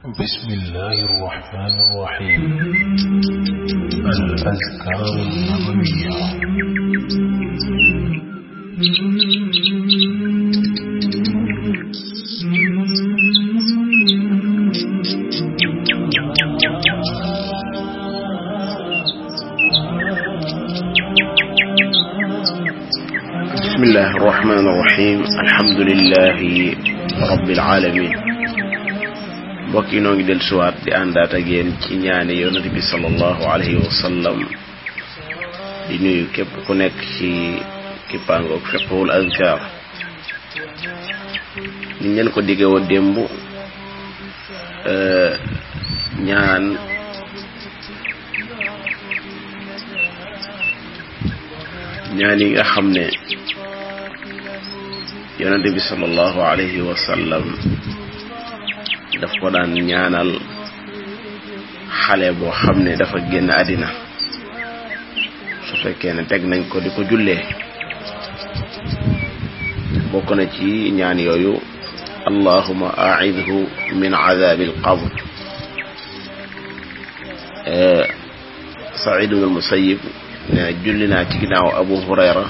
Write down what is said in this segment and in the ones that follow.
بسم الله الرحمن الرحيم الأذكار النبوية بسم الله الرحمن الرحيم الحمد لله رب العالمين mbokk yi noo ngi del suwaat di àndaat ak yéen ci ñaani yonent bi sallallahu alayhi wa di nuyu képp ku nekk ci kippaangoog fiqhul azkar ni leen ko diggee woon démb euh, ñaan ñaan yi nga xam ne yonent bi sallallahu alayhi wa daf ko daan ñaanal xale boo xam ne dafa génn àddina su fekkee ne teg nañ ko di ko jullee bokk na ci ñaan yooyu allahuma aidhu min adabi alqabr e, said ibn almusayib ne julli naa ci ginnaaw abu hurayra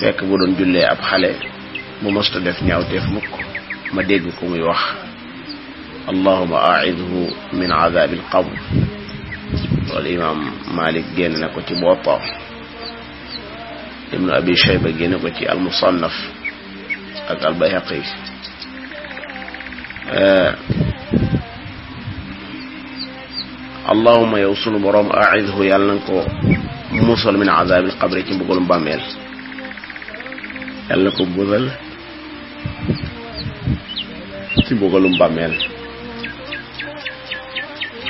fekk bu doon jullee ab xale mu mosta def ñaawteef mukk ma dégg ko muy wax allahuma aidhu min azabil qabr loolu imam malik génn na ko ci Muwatta ibnu abi shayba génn ko ci almusannaf ak albayhaqi eh, allahuma yow sunu boroom aidhu yàlla na ko musal min azabil qabri ci mbugalum bàmmeel yàlla na ko musal ci mbugalum bàmmeel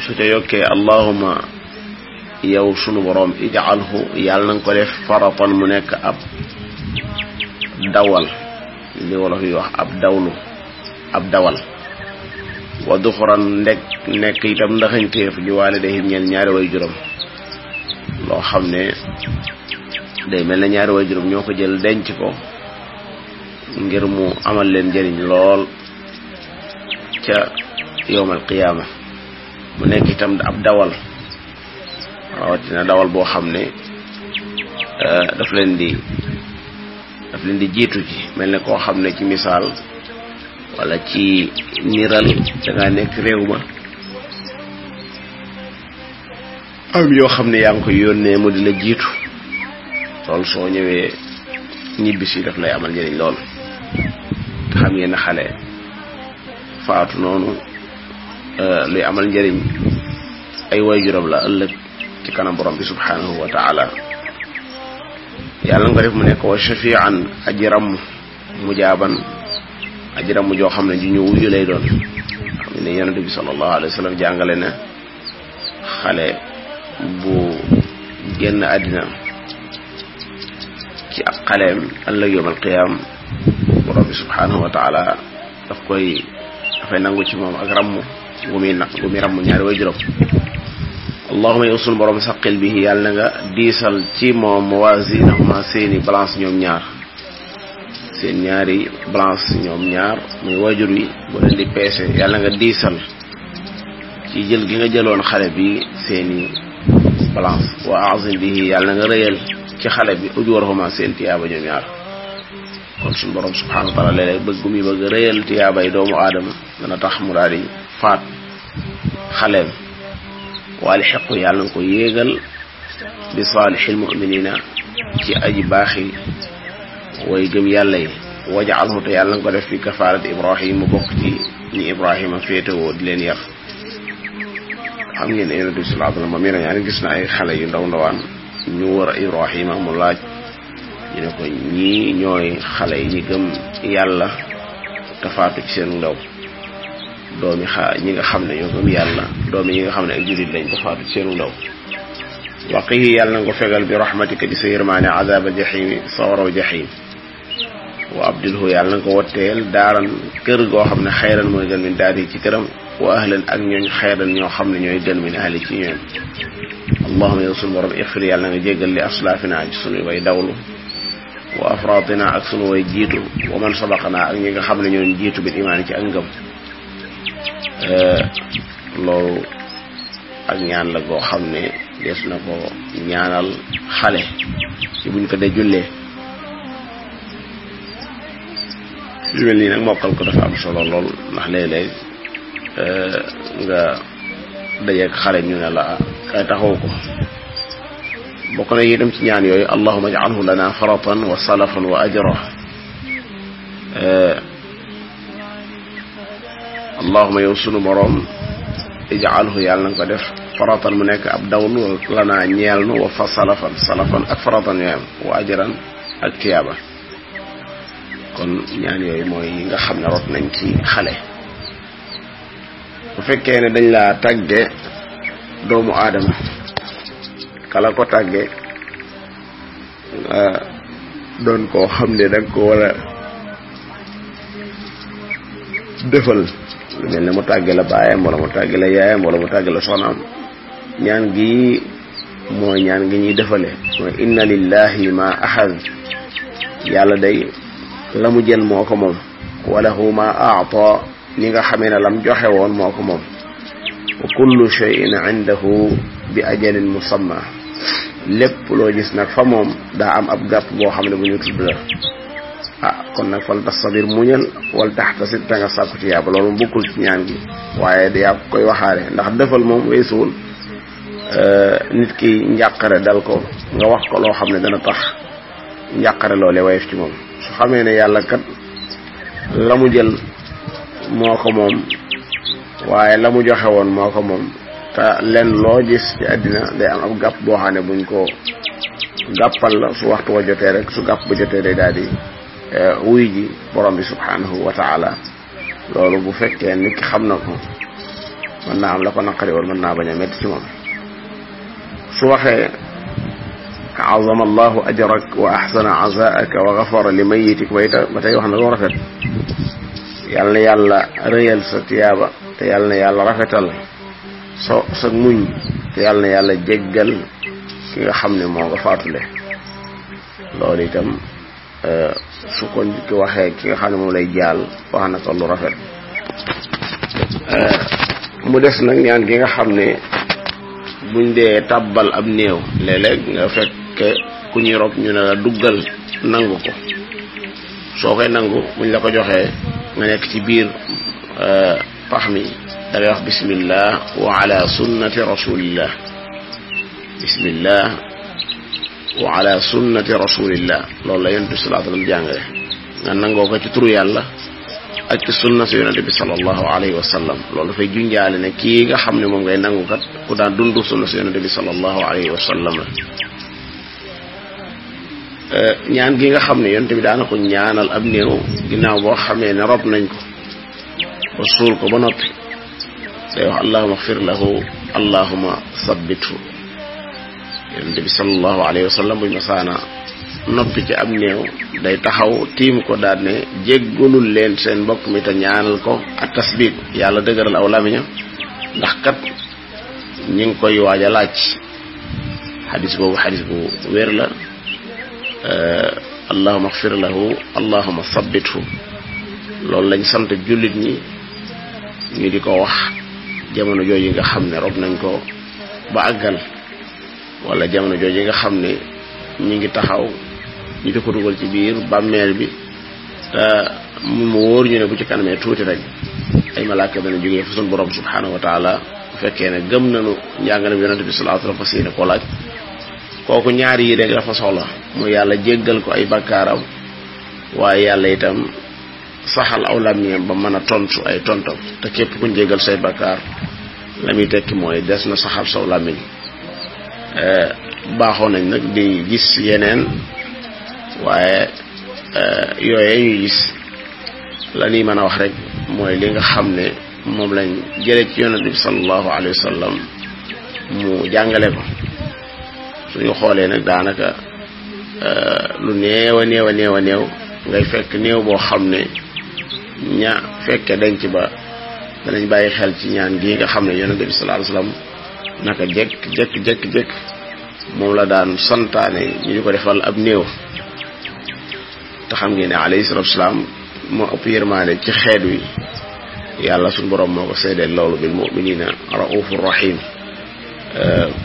su ca yokkee allahuma yow sunu boroom ijaalhu yàlla nanga ko def faratan mu nekk ab dawal li wolof yi wax ab dawlu ab dawal wa duxuran ndek nekk itam ndaxañteef li waale day ñeel ñaari way juróom loo xam ne day mel na ñaari way juróom ñoo ko jël denc ko ngir mu amal leen njëriñ lool ca yowmal qiyaama mu nekk itam ab dawal rawatina dawal boo xam ne euh, daf leen di daf leen di jiitu ci mel ne koo xam ne ci misaal walla ci niral da nekk réew ma am yoo xam ne yaa ngi koy yónnee mu di la jiitu loolu soo ñëwee ñibbi daf lay amal njëriñ lool xam ngeen ne xale faatu noonu luy euh, amal njëriñ ay waajuram la ëllëg ci kanam borom bi subhanahu wa taala yàlla nga def mu nekk wa shafian aji ramm mu jaaban aji ramm joo xam ne ji ñu wuyu lay doon xam ne yonente bi sallallahu alayhi jàngale na xale bu génn àddina ci ak xaleem ëllëg yom al qiyam borom bi subhanahu wa daf koy dafay nangu ci moom ak ramm bu muy naq bu muy ràmm ñaari way juróom allahuma yow sunu borom saqil bi yàlla nga diisal ci moom mawazinahuma seeni balance ñoom ñaar seen ñaari balance ñoom ñaar muy wajur wi bu leen di peese yàlla nga diisal ci jël gi nga jëloon xale bi seeni balance wa azim bihi yàlla nga rëyal ci xale bi ujuwarahuma seen tiyaaba ñoom ñaar kon suñu borom subhanahu wa taala léeg-léeg bëgg mi bëgg rëyal tiyaabay doomu aadama dana tax mu daal faat xaleem wa alxiqu yàlla nga ko yéegal bi saalixil muminina ci aji baaxi way gëm yàlla yi wajaalhu te yàlla nga ko def fi kafaarat ibrahim mu bokk ci ni ibrahima féetewoo di leen yar xam ngeen ne yonente bi salaa sallam moom yéen ñaari gis na ay xale yu ndaw ndawaan ñu wër ibrahima mu laaj ñu ko ñii ñooy xale yi ñu gëm yàlla te ci seen ndaw doomi xaa ñi nga xam ne ñoo gëm yàlla doomi ñi nga xam ne ak jullit lañ ko faatu seenu ndaw waqihi yàlla na nga ko fegal bi rahmatika ci sa yërmaane azaba jaximi sawaraw jaxim wa abdilhu yàlla na nga ko wotteel daaran kër goo xam ne xayran mooy gën min daari ci këram wa ahlan ak ñooñ xayran ñoo xam ne ñooy gën min ahli ci ñoom allahuma yow sunu borom ixfir yàlla na nga jéggal li aslafina ci sunu way dawlu wa afratina ak sunu way jiitu wa man sabaqana ak ñi nga xam ne ñooñ jiitu bil imaan ci ak ngëm Euh, lool ak ñaan la goo xam ne des na ko ñaanal xale ci buñ ko dee jullee yu mel nii nag mokkal ko dafa am solo lool ndax léeg-léeg euh, nga dajeeg xale ñu ne la kay taxaw ko bokk na itam ci ñaan yooyu allahuma jaalhu lana faratan wa salafan wa ajra euh, allahuma yow sunu boroom ijaalhu yàlla na ko def faratan mu nekk ab dawlu lanaa ñeel nu wa fa salafan salafan ak faratan ñooyam wa ajaran ak tiyaaba kon ñaan yooyu mooy yi nga xam ne rot nañ ci xale bu fekkee ne dañ laa tàgge doomu aadama kala ko tàgge doon koo xam ne danga ko war defal mel ne mu tàgge la baayam wala mu tàgge la yaayam wala mu tàgge la soxnaam ñaan gi mooy ñaan gi ñuy defale mooy inna lillahi ma ahad yàlla day la mu jël moo ko moom walahu ma aata li nga xamee ne lam joxe woon moo ko moom wa kullu shay'in indahu bi ajalin musamma lépp loo gis nag fa moom daa am ab gàpp boo xam ne bu ñu tudd la ah kon nag fal tastabir muñal wal taxtasit te nga sàkku ci yàlla loolu bokkul ci ñaan gi waaye yaa koy waxaale ndax defal moom weesuwul eh, nit ki njàqare dal ko nga wax ko loo xam ne dana tax njàqare loole wayef ci moom su xamee ne yàlla kat la mu jël moo ko moom waaye la mu joxe woon moo ko moom te leen loo jis ci àddina day am ab gàpp boo xam ne buñ ko gàppal la su waxtu wa jotee rek su gàpp ba jotee day daal di Euh, wuy ji borom bi subhanahu wa taala loolu bu fekkee nit ki xam na ko mën naa am la ko naqari woon mën naa bañ a métti ci moom su waxee azama allahu ajrak wa ahsana azaaka wa gafara li mayitik ba ita ba tey wax na lu rafet yàlla na yàlla rëyal sa tiyaaba te yàlla na yàlla rafetal so sa muñ te yàlla na yàlla jéggal ki nga xam ne moo nga faatule loolu itam Euh, su ko nit ki waxee ki nga xam ne moom lay jaal wax na ko lu rafet euh, mu des nag ñaan gi nga xam ne buñ dee tàbbal ab néew léeg-léeg nga fekk ku ñuy rob ñu ne la duggal nangu ko soo koy nangu buñ la ko joxee nga nekk ci biir euh, pax mi da ngay wax bismillah wa ala sunnati rasulillah bismillah wa ala sunnati rasulillah loolu la yonent bi sallallahu nga nangoo ko ci turu yàlla ak ci sunna si yonent bi sallallahu alayhi wa sallam loolu dafay junjaale ne kii nga xam ne moom ngay nangu kat ku daan dundu sunna si yonent bi sallallahu alayhi wa la euh, ñaan gi nga xam ne yonent bi daana ko ñaanal ab néew ginnaaw boo xamee ne rob nañ ko ba suul ko ba noppi day wax allahuma xfir lahu allahuma sabbithu yonente bi sallallahu wa sallam buñ masaana noppi ci am néew day taxaw tiim ko daal ne jéggalul leen seen mbokk mi te ñaanal ko ak tasbib yàlla dëgëral aw lamiña ndax kat ñi ngi koy waaj a laaj xadis boobu xadis bu wér la allahuma xfir lahu allahuma sabbithu loolu lañ sant jullit ñi ñu di ko wax jamono jooju nga xam ne rob nañ ko ba àggal wala jamono jooju nga xam ne ñu ngi taxaw ñu di ko dugal ci biir bàmmeel bi te mu wóor ñu ne bu ci kanamee tuuti rek ay malaaka dana jógee fa sun borom subhanahu wa taala bu fekkee ne gëm na njàngale bi yonente bi sallallahu alayhi kooku ñaar yi rek dafa soxla mu yàlla jéggal ko ay bakkaaram waaye yàlla itam saxal aw làmmiñam ba mën a tontu ay tontam te képp ku jéggal say bakkaar la muy tekki mooy des na saxal saw làmmiñ Eh, baaxoo nañ nag di gis yeneen waaye eh, yooye ñuy gis la ñuy mën a wax rek mooy li nga xam ne moom lañ jële ci yonent bi sallallahu alayhi wa sallam mu jàngale ko suñu xoolee nag daanaka eh, lu néew neewa neewa neew ngay fekk néew boo xam ne ña fekke denc ba danañ bàyyi xel ci ñaan gii nga xam ne yonent bi sallallahu alayhi wa naka jekk jëkk jekk moom la daan santaane ñu ñu ko defal ab néew te xam ngeen ne alayhi salaatu wasalaam moo ëpp yërmaane ci xeet wi yàlla suñ borom moo ko seedeel loolu bil muminina raufur rahim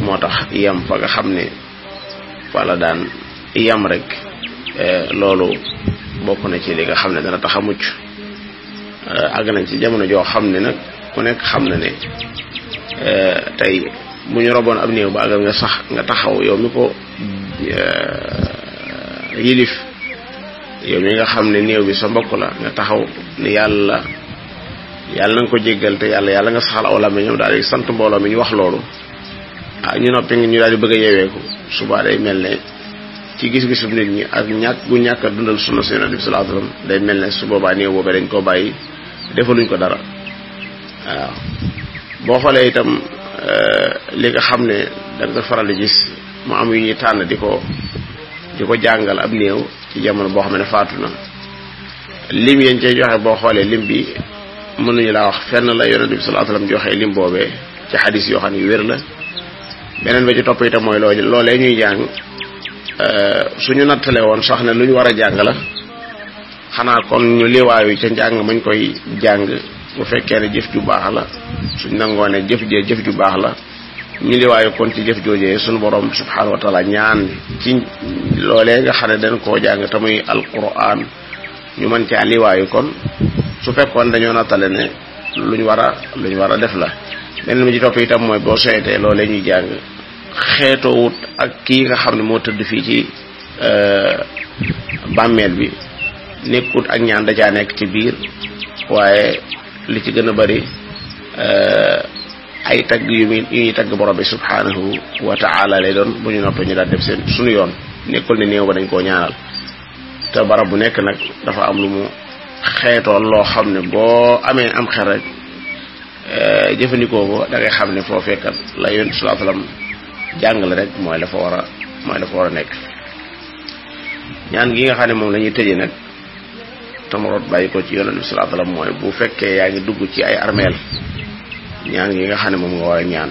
moo tax yam fa nga xam ne wala daan yam rek loolu bokk na ci li nga xam ne dana tax a mucc àgg nañ ci jamono joo xam ne nag ku nekk xam na ne Euh, tey mu ñu roboon ab néew ba àggal nga sax nga taxaw yow mi ko euh, yilif yow mi nga xam ne néew bi sa mbokk la nga taxaw ne yàlla yàlla na nga ko jéggal te yàlla yàlla nga saxal aw làmmiñam daal di sant mbooloo mi ñu wax loolu ah ñu noppi ñu daal di bëgg a yeeweeku subaa day mel ne ci gis-gisu nit ñi ak ñàkk bu ñàkk a dundal sunna si yonent bi sallallahu alayhi wasallam day mel ne su boobaa néew boobee dañ koo bàyyi defaluñ ko dara waaw boo xoolee itam euh, li nga xam ne da nga faral di gis mu am yu tànn di ko di ko jàngal ab néew ci jamono boo xam ne faatu na lim yañ cay joxe boo xoolee lim bi mën mënuñu laa wax fenn la yonent bi sallallahu alayhi wasallam joxe lim boobee ci xadis yoo xam ne yu wér la beneen ba ci topp mooy loo loolee ñuy jàng euh, suñu nattale woon sax ne lu ñu war a jàng la xanaa kon ñu liwaayu ca njàng mañ koy jàng bu fekkee ne jëf ju baax la suñ nangoo ne jëf jee jëf ju baax la ñu miliwaayu kon ci jëf joojee suñu borom subhaanahu wa taala ñaan ci loolee nga xam ne dañ koo jàng te muy alquran ñu mën caa liwaayu kon su fekkoon dañoo nattale ne luñ war a luñ war a def la beneen mi ci topp tam mooy boo seetee loolee ñuy jàng xeetoo xeetoowut ak kii nga xam ne moo tëdd fii ci euh, bàmmeel bi nekkut ak ñaan da nekk ci biir waaye li ci gën a bari eh, ay tagg yu muy yu ñuy tagg borom bi subhanahu wa lay doon bu ñu noppee ñu daal def seen suñu yoon nekkul ne néew ba dañ koo ñaanal te barab bu nekk nag dafa am lu mu xeetoon loo xam ne boo amee am xel rek eh, jëfandikoo ko da xam ne foo fekkat la yonent sallallahu alayhi wasallam jàngale rek mooy la fa war a mooy la fa war a nekk ñaan gi nga xam ne moom lañuy ñuy tëjee nag tamaroot bàyyi ko ci yonent bi sallallahu alayhi wasallam mooy bu fekkee yaa ngi dugg ci ay armeel ñaan yi nga xam ne moom nga war a ñaan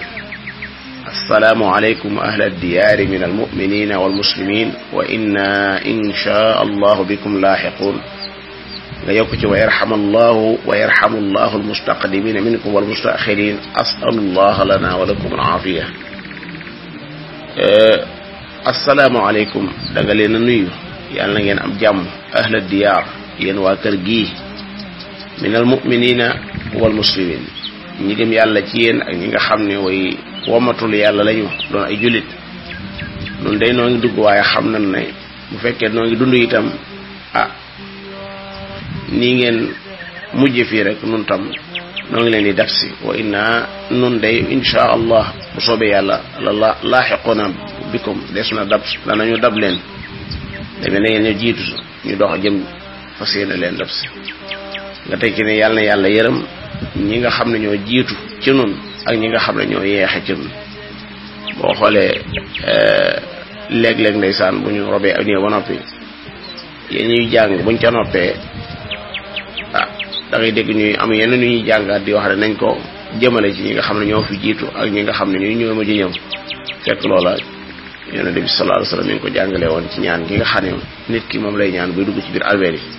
assalaamu alaykum ahla diyaari min almuminina walmuslimin wa inna insha allahu bikum laaxiquun nga yokk ci wa yarxam allahu wa yarxamu allahu almustaqdimina minkum walmustaxirin asalullaha lana wa lakum alaafiya assalaamu alaykum da nga leen a nuyu yàlla na ngeen am jàmm ahla diyaar yéen waa kër gii minal muminina wal muslimin ñi gëm yàlla ci yéen ak ñi nga xam ne way womatul yàlla lañu doon ay jullit noonu day noo ngi dugg waaye xam nañ ne bu fekkee noo ngi dund itam ah nii ngeen mujj fii rek nun tam noo ngi leen di daf si wa inna nun day insha allah bu soobee yàlla la laaxiquna bikum des na dab danañu dab leen deme ne yéen ñu jiitu ñu dox jëm fas yéene leen lëpp si nga tekki ne yàlla yàlla yërëm ñi nga xam ne ñoo jiitu ci nun ak ñi nga xam ne ñoo yeexe ci nun boo xoolee eh, léeg-léeg ndeysaan bu ñu robee ak néew ba noppi yéen ñuy jàng buñ ca noppee ah da dégg ñuy am yenn ñu ñuy jàngaat di wax ne nañ ko jëmale ci ñi nga xam ne ñoo fi jiitu ak ñi nga xam ne ñuy ñëw ma ji ñëw fekk loola yonent bi sallallahu alayhi wasallam mi ngi ko jàngalee woon ci ñaan gi nga xam ne nit ki moom lay ñaan buy dugg ci biir alweel yi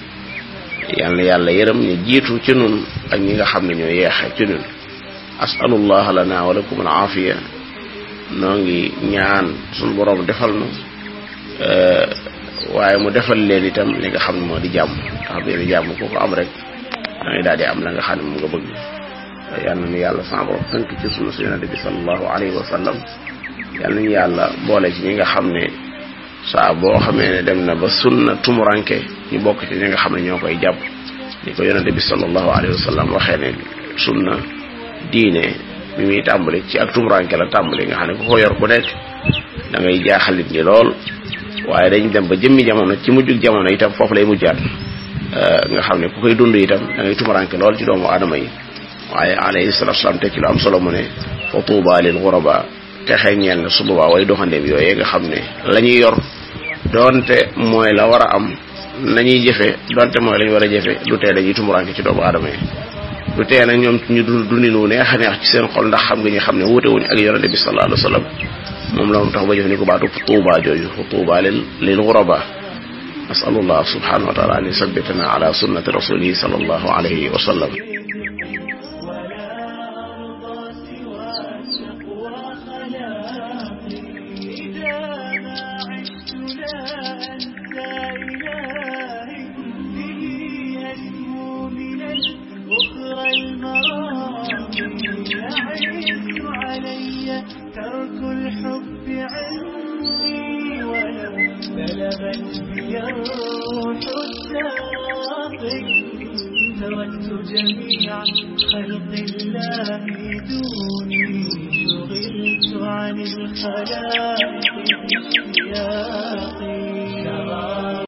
yal na yàlla yërëm ñu jiitu ci nun ak ñi nga xam ne ñoo yeexe ci nun asalullah lana wa lakum al aafiya noo ngi ñaan suñu boroom defal nu waaye mu defal leen itam li nga xam ne moo di jàmm ndax jàmm ko ko am rek da am la xam ne moom nga bëgg yal na yàlla sama borom tënk ci sunu sunna bi sallallahu alayhi wa ñi nga xam ne saa boo xamee ne dem na ba sunna tumuranke ñu bokk ci ñi nga xam ne ñoo koy jàpp ni ko yonente bi sallallahu alayhi wa sallam waxee ne sunna diine bi muy tàmbali ci ak tumuranke la tàmbali nga xam ne ku ko yor ku da ngay jaaxal nit ñi lool waaye dañ dem ba jëmmi jamono ci mujjug jamono itam foofu lay mujjaat euh, nga xam ne ku koy dund itam da ngay tumuranke lool ci doomu aadama yi waaye alayhi salatu salaam te ci lu am solo mu ne fa tuuba lil xuraba texe ñeel na su boobaa way doxandeem yooyee nga xam ne lañuy yor doonte mooy la war a am nañuy jëfee donte mooy lañu war a jëfee du tee dañuy tumuraanke ci doomu aadama yi du tee nag ñoom ñu du dundin wu neex a ci seen xol ndax xam nga ñu xam ne wuute wuñ ak yonente bi sallallahu alayhi wa sallam moom la moom tax ba jëfandikoo baatu fu tuuba jooju fu tuuba lil lil ghuraba asalullah subhanahu wa an yusabbitana ala sunnati rasulihi sallallahu alayhi wa